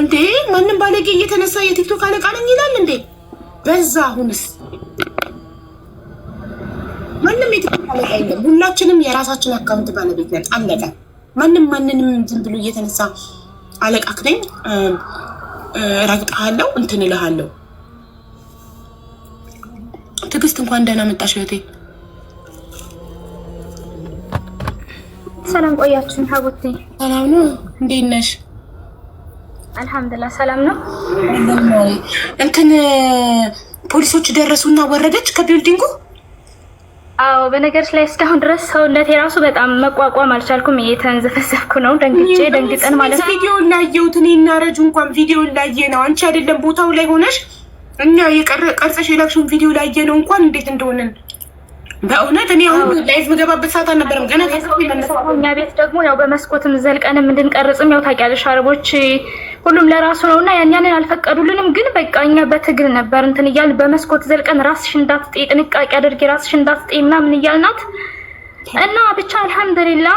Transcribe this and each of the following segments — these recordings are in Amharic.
እንዴ ማንም ባለጌ እየተነሳ የቲክቶክ አለቃ ነኝ ይላል እንዴ? በዛ አሁንስ ማንም የቲክቶክ አለቃ የለም። ሁላችንም የራሳችን አካውንት ባለቤት ነን። አለቀ። ማንም ማንንም ዝም ብሎ እየተነሳ አለቃ ክደኝ፣ ረግጣሃለው፣ እንትን እልሃለው። ትዕግስት እንኳን ደህና መጣሽ እህቴ። ሰላም ቆያችሁን? ሀጎቴ ሰላም ነው። እንዴት ነሽ? አልሐምዱላ ሰላም ነው። እንትን ፖሊሶች ደረሱና ወረደች ከቢልዲንጉ። አዎ በነገሮች ላይ እስካሁን ድረስ ሰውነቴ የራሱ በጣም መቋቋም አልቻልኩም። እየተንዘፈዘፍኩ ነው፣ ደንግጬ ደንግጠን ማለት ነው። ቪዲዮ ላየሁት እኔ እና ረጁ እንኳን ቪዲዮ ላየ ነው። አንቺ አይደለም ቦታው ላይ ሆነሽ እኛ ቀርጸሽ የላክሽውን ቪዲዮ ላየ ነው እንኳን እንዴት እንደሆነን በእውነት እኔ አሁን ላይፍ ምገባበት ሰዓት አልነበረም። ገና እኛ ቤት ደግሞ ያው በመስኮትም ዘልቀንም እንድንቀርጽም ያው ታውቂያለሽ፣ አረቦች ሁሉም ለራሱ ነው እና ያንን አልፈቀዱልንም። ግን በቃ እኛ በትግል ነበር እንትን እያል በመስኮት ዘልቀን ራስሽ እንዳትጤ ጥንቃቄ አድርጊ ራስሽ እንዳትጤ ምናምን እያልናት እና ብቻ አልሐምዱሊላ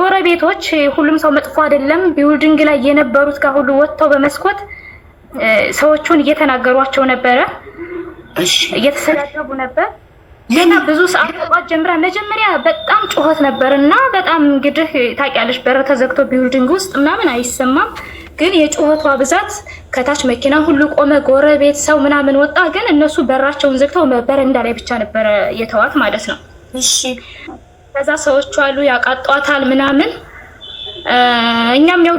ጎረቤቶች፣ ሁሉም ሰው መጥፎ አይደለም። ቢውልድንግ ላይ የነበሩት ጋር ሁሉ ወጥተው በመስኮት ሰዎቹን እየተናገሯቸው ነበረ፣ እየተሰዳደቡ ነበር ሌላ ብዙ ሰዓት መቋት ጀምራ መጀመሪያ በጣም ጩኸት ነበር እና በጣም እንግዲህ ታውቂያለሽ፣ በር ተዘግቶ ቢውልዲንግ ውስጥ ምናምን አይሰማም። ግን የጩኸቷ ብዛት ከታች መኪና ሁሉ ቆመ፣ ጎረቤት ሰው ምናምን ወጣ። ግን እነሱ በራቸውን ዘግተው በረንዳ ላይ ብቻ ነበረ የተዋት ማለት ነው። እሺ ከዛ ሰዎቹ አሉ ያቃጧታል ምናምን እኛም ያው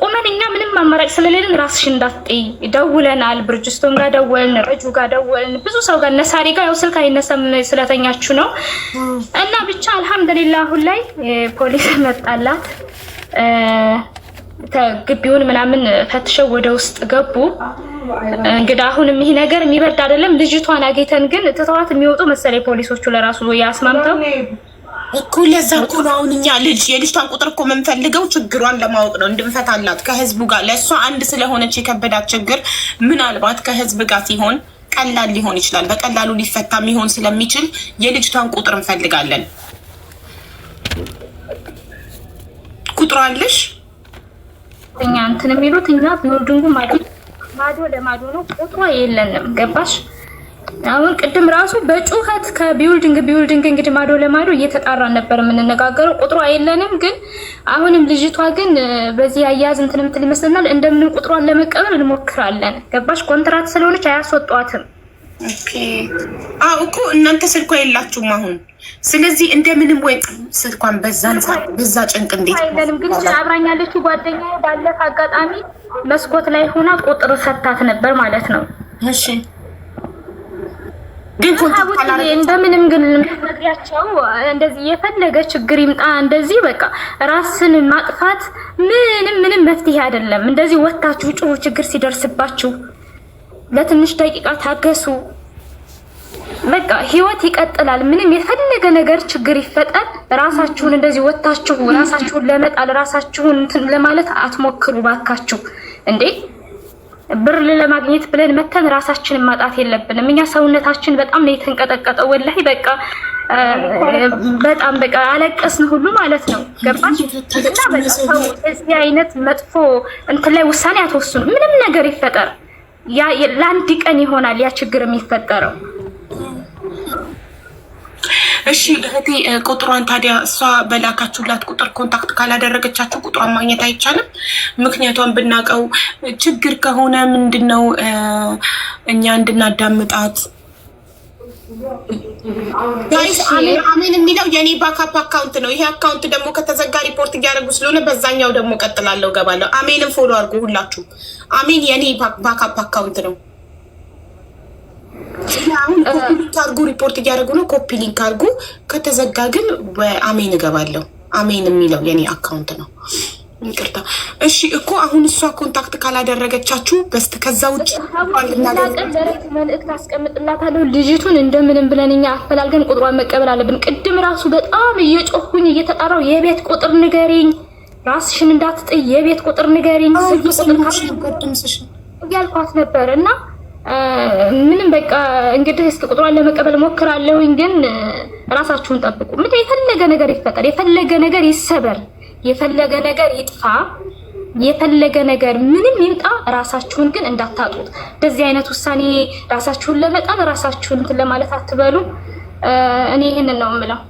ቁመን እኛ ምንም አማራጭ ስለሌለን ራስሽ እንዳትጠይ ደውለናል። ብርጅስቶን ጋር ደወልን፣ ረጁ ጋር ደወልን፣ ብዙ ሰው ጋር ነሳሪ ጋር ያው ስልክ አይነሳም ስለተኛችሁ ነው። እና ብቻ አልሐምዱሊላ አሁን ላይ ፖሊስ መጣላት ግቢውን ምናምን ፈትሸው ወደ ውስጥ ገቡ። እንግዲህ አሁንም ይህ ነገር የሚበርድ አይደለም። ልጅቷን አጌተን ግን ትተዋት የሚወጡ መሰለኝ ፖሊሶቹ ለራሱ ያስማምተው እኮ ለዛ እኮ ነው አሁን እኛ ልጅ የልጅቷን ቁጥር እኮ የምንፈልገው ችግሯን ለማወቅ ነው፣ እንድንፈታላት ከህዝቡ ጋር ለእሷ አንድ ስለሆነች የከበዳት ችግር ምናልባት ከህዝብ ጋር ሲሆን ቀላል ሊሆን ይችላል፣ በቀላሉ ሊፈታ ሚሆን ስለሚችል የልጅቷን ቁጥር እንፈልጋለን። ቁጥሯ አለሽ? እኛ እንትን የሚሉት እኛ ቢልዲንጉ ማዶ ለማዶ ነው፣ ቁጥሯ የለንም። ገባሽ? አሁን ቅድም ራሱ በጩኸት ከቢውልዲንግ ቢውልዲንግ እንግዲህ ማዶ ለማዶ እየተጣራን ነበር የምንነጋገረው። ቁጥሯ የለንም ግን አሁንም ልጅቷ ግን በዚህ አያያዝ እንትን ምትል ይመስለናል። እንደምንም ቁጥሯን ለመቀበል እንሞክራለን። ገባሽ? ኮንትራት ስለሆነች አያስወጧትም። አዎ እኮ እናንተ ስልኳ የላችሁም አሁን። ስለዚህ እንደምንም ወይ ስልኳን በዛን በዛ ጭንቅ እንዴት አይለንም። ግን አብራኛለች ጓደኛ ባለፈ አጋጣሚ መስኮት ላይ ሆና ቁጥር ሰታት ነበር ማለት ነው። እሺ ግን እንደምንም ግን ልመግሪያቸው እንደዚህ የፈለገ ችግር ይምጣ እንደዚህ በቃ ራስን ማጥፋት ምንም ምንም መፍትሄ አይደለም። እንደዚህ ወታችሁ ጩሁ፣ ችግር ሲደርስባችሁ ለትንሽ ደቂቃ ታገሱ። በቃ ህይወት ይቀጥላል። ምንም የፈለገ ነገር ችግር ይፈጠር፣ ራሳችሁን እንደዚህ ወታችሁ ራሳችሁን ለመጣል ራሳችሁን ለማለት አትሞክሩ ባካችሁ እንዴ ብር ለማግኘት ብለን መተን ራሳችንን ማጣት የለብንም። እኛ ሰውነታችን በጣም ነው የተንቀጠቀጠው። ወላሂ በቃ በጣም በቃ አለቀስን ሁሉ ማለት ነው። ገባሽ? እዚህ አይነት መጥፎ እንትን ላይ ውሳኔ አትወስኑ። ምንም ነገር ይፈጠር፣ ለአንድ ቀን ይሆናል ያ ችግር የሚፈጠረው። እሺ እህቴ ቁጥሯን ታዲያ እሷ በላካችሁላት ቁጥር ኮንታክት ካላደረገቻችሁ ቁጥሯን ማግኘት አይቻልም። ምክንያቷን ብናውቀው ችግር ከሆነ ምንድን ነው እኛ እንድናዳምጣት። አሜን የሚለው የኔ ባካፕ አካውንት ነው። ይሄ አካውንት ደግሞ ከተዘጋ ሪፖርት እያደረጉ ስለሆነ በዛኛው ደግሞ ቀጥላለሁ፣ ገባለሁ። አሜንም ፎሎ አድርጉ ሁላችሁም። አሜን የኔ ባካፕ አካውንት ነው። አሁን አድርጉ፣ ሪፖርት እያደረጉ ነው። ኮፒ ሊንክ አድርጉ። ከተዘጋ ግን በአሜን እገባለሁ። አሜን የሚለው የኔ አካውንት ነው። ይቅርታ እሺ። እኮ አሁን እሷ ኮንታክት ካላደረገቻችሁ በስት ከዛ ውጭ መልእክት አስቀምጥላታለሁ። ልጅቱን እንደምንም ብለን እኛ አፈላልገን ቁጥሯን መቀበል አለብን። ቅድም ራሱ በጣም እየጮሁኝ እየተጣራው የቤት ቁጥር ንገሪኝ፣ ራስሽን እንዳትጥይ የቤት ቁጥር ንገሪኝ ስልክ እያልኳት ነበር እና ምንም በቃ እንግዲህ እስኪ ቁጥሯን ለመቀበል ሞክራለሁኝ፣ ግን ራሳችሁን ጠብቁ። ምን የፈለገ ነገር ይፈጠር፣ የፈለገ ነገር ይሰበር፣ የፈለገ ነገር ይጥፋ፣ የፈለገ ነገር ምንም ይምጣ፣ ራሳችሁን ግን እንዳታጡት። እንደዚህ አይነት ውሳኔ ራሳችሁን ለመጣን ራሳችሁን እንትን ለማለት አትበሉ። እኔ ይህንን ነው የምለው።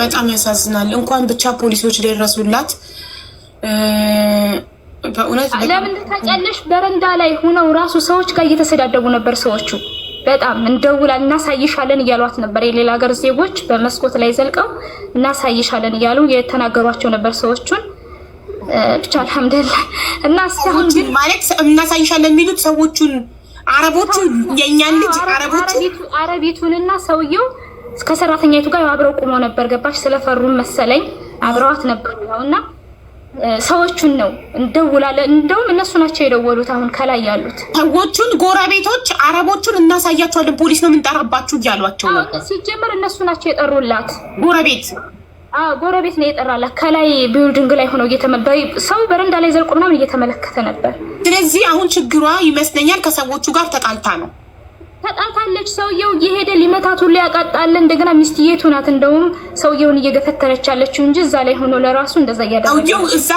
በጣም ያሳዝናል። እንኳን ብቻ ፖሊሶች ደረሱላት። ለምን ታውቂያለሽ? በረንዳ ላይ ሆነው ራሱ ሰዎች ጋር እየተሰዳደቡ ነበር ሰዎቹ። በጣም እንደውላል እናሳይሻለን እያሏት ነበር። የሌላ ሀገር ዜጎች በመስኮት ላይ ዘልቀው እናሳይሻለን እያሉ የተናገሯቸው ነበር ሰዎቹን። ብቻ አልሐምዱሊላህ። እና ሰውን ግን ማለት እናሳይሻለን የሚሉት ሰዎቹን አረቦቹ፣ የእኛን ልጅ አረቦቹ፣ አረቢቱንና ሰውየው ከሰራተኛይቱ ጋር አብረው ቁመው ነበር። ገባሽ? ስለፈሩን መሰለኝ አብረዋት ነበሩ ያውና ሰዎቹን ነው እንደውላለ እንደውም እነሱ ናቸው የደወሉት። አሁን ከላይ ያሉት ሰዎቹን፣ ጎረቤቶች፣ አረቦቹን እናሳያቸዋለን፣ ፖሊስ ነው የምንጠራባችሁ እያሏቸው ነው። ሲጀመር እነሱ ናቸው የጠሩላት። ጎረቤት ጎረቤት ነው የጠራላት። ከላይ ቢልዲንግ ላይ ሆነው እየተመባ ሰው በረንዳ ላይ ዘልቆ ምናምን እየተመለከተ ነበር። ስለዚህ አሁን ችግሯ ይመስለኛል ከሰዎቹ ጋር ተጣልታ ነው ተጣልታለች። ሰውየው እየሄደ ሊመታት ሁሉ ያቃጣል። እንደገና ሚስትየቱ ናት እንደውም ሰውየውን እየገፈተረች ያለችው እንጂ እዛ ላይ ሆኖ ለራሱ እንደዛ እያደረገ ሰውየው እዛ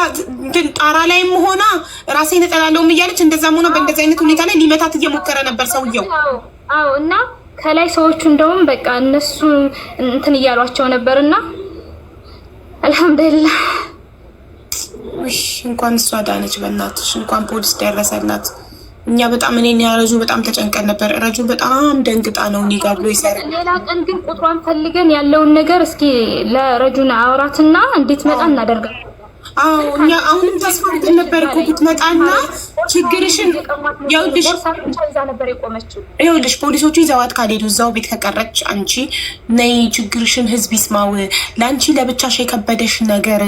እንትን ጣራ ላይም ሆና ራሴ እጠላለሁም እያለች እንደዛም ሆኖ በእንደዚህ አይነት ሁኔታ ላይ ሊመታት እየሞከረ ነበር ሰውየው። አዎ እና ከላይ ሰዎቹ እንደውም በቃ እነሱ እንትን እያሏቸው ነበርና አልሐምዱሊላህ እንኳን እሷ ዳነች። በእናትሽ እንኳን ፖሊስ ደረሰላት። እኛ በጣም እኔ ረጁ በጣም ተጨንቀን ነበር። ረጁ በጣም ደንግጣ ነው እኔ ጋር ብሎ ይሰራል። ሌላ ቀን ግን ቁጥሯን ፈልገን ያለውን ነገር እስኪ ለረጁን አውራትና እንዴት መጣ እናደርጋለን አዎ እኛ አሁንም ተስፋ ነበር እኮ ብትመጣና ችግርሽን ይኸውልሽ ይኸውልሽ ፖሊሶቹ ይዘዋት ካልሄዱ እዛው ቤት ከቀረች አንቺ ነይ ችግርሽን ህዝብ ይስማው። ለአንቺ ለብቻሽ የከበደሽ ነገር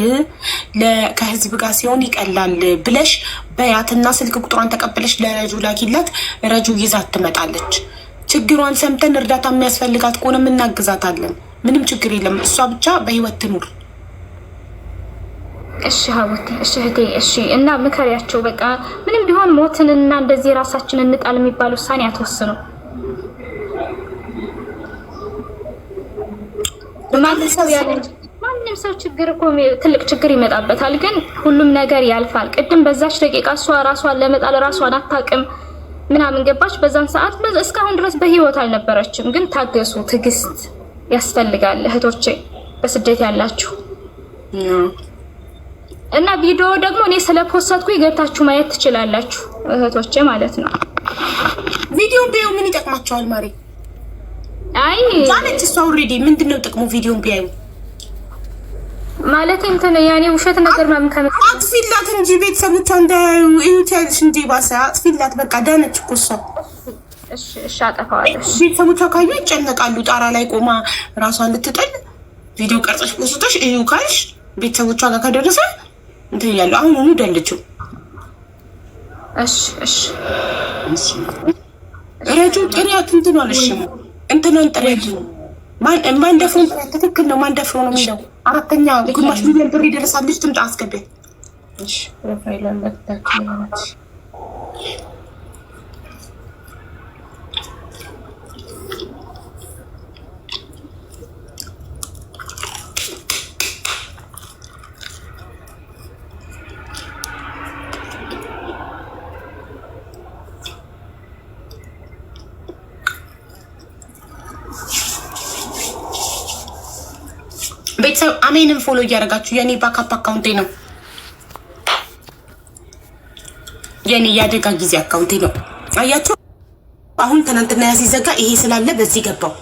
ከህዝብ ጋር ሲሆን ይቀላል ብለሽ በያትና ስልክ ቁጥሯን ተቀብለሽ ለረጁ ላኪላት። ረጁ ይዛት ትመጣለች። ችግሯን ሰምተን እርዳታ የሚያስፈልጋት ከሆነ እናግዛታለን። ምንም ችግር የለም። እሷ ብቻ በህይወት ትኑር። እሺ ሀውቴ፣ እሺ እህቴ፣ እሺ እና ምከሪያቸው። በቃ ምንም ቢሆን ሞትንና እንደዚህ ራሳችንን እንጣል የሚባል ውሳኔ አትወስኑ። ማንም ሰው ማንም ሰው ችግር እኮ ትልቅ ችግር ይመጣበታል፣ ግን ሁሉም ነገር ያልፋል። ቅድም በዛች ደቂቃ እሷ ራሷን ለመጣል ራሷን አታውቅም ምናምን ገባች። በዛን ሰዓት እስካሁን ድረስ በህይወት አልነበረችም። ግን ታገሱ፣ ትዕግስት ያስፈልጋል እህቶቼ፣ በስደት ያላችሁ እና ቪዲዮ ደግሞ እኔ ስለፖስትኩ ገብታችሁ ማየት ትችላላችሁ እህቶቼ ማለት ነው። ቪዲዮን ቢዩ ምን ይጠቅማቸዋል? ማሪ አይ ማለት እሱ ኦልሬዲ ምንድነው ጥቅሙ? ቪዲዮን ቢያዩ ማለት እንትን ያኔ ውሸት ነገር ማም ከመጣ አጥፊላት እንጂ ቤተሰቦቿ እንዳያዩ እዩታልሽ እንጂ ባሰ አጥፊላት በቃ ዳነች እኮ እሷ እሺ እሺ አጠፋዋለሽ። ቤተሰቦቿ ካዩ ይጨነቃሉ። ጣራ ላይ ቆማ ራሷን ልትጥል ቪዲዮ ቀርጸሽ ወስደሽ እዩ ካልሽ ቤተሰቦቿ ጋር ከደረሰ እንትን እያለሁ አሁን ሙሉ ደልችው ረጁ ጥሪያት እንትን አልሽ እንትንን ጥሪያት ማንደፍሮን ጥሪያት ትክክል ነው። ማን ማንደፍሮ ነው የሚለው አራተኛ ግማሽ ሚሊዮን ብር ይደረሳል። ልጅ ትምጣ አስገቢያት ፕሮፋይል ቤተሰብ አሜንም ፎሎ እያደረጋችሁ የኔ ባካፕ አካውንቴ ነው። የኔ የአደጋ ጊዜ አካውንቴ ነው። አያቸው አሁን ትናንትና ሲዘጋ ይሄ ስላለ በዚህ ገባው።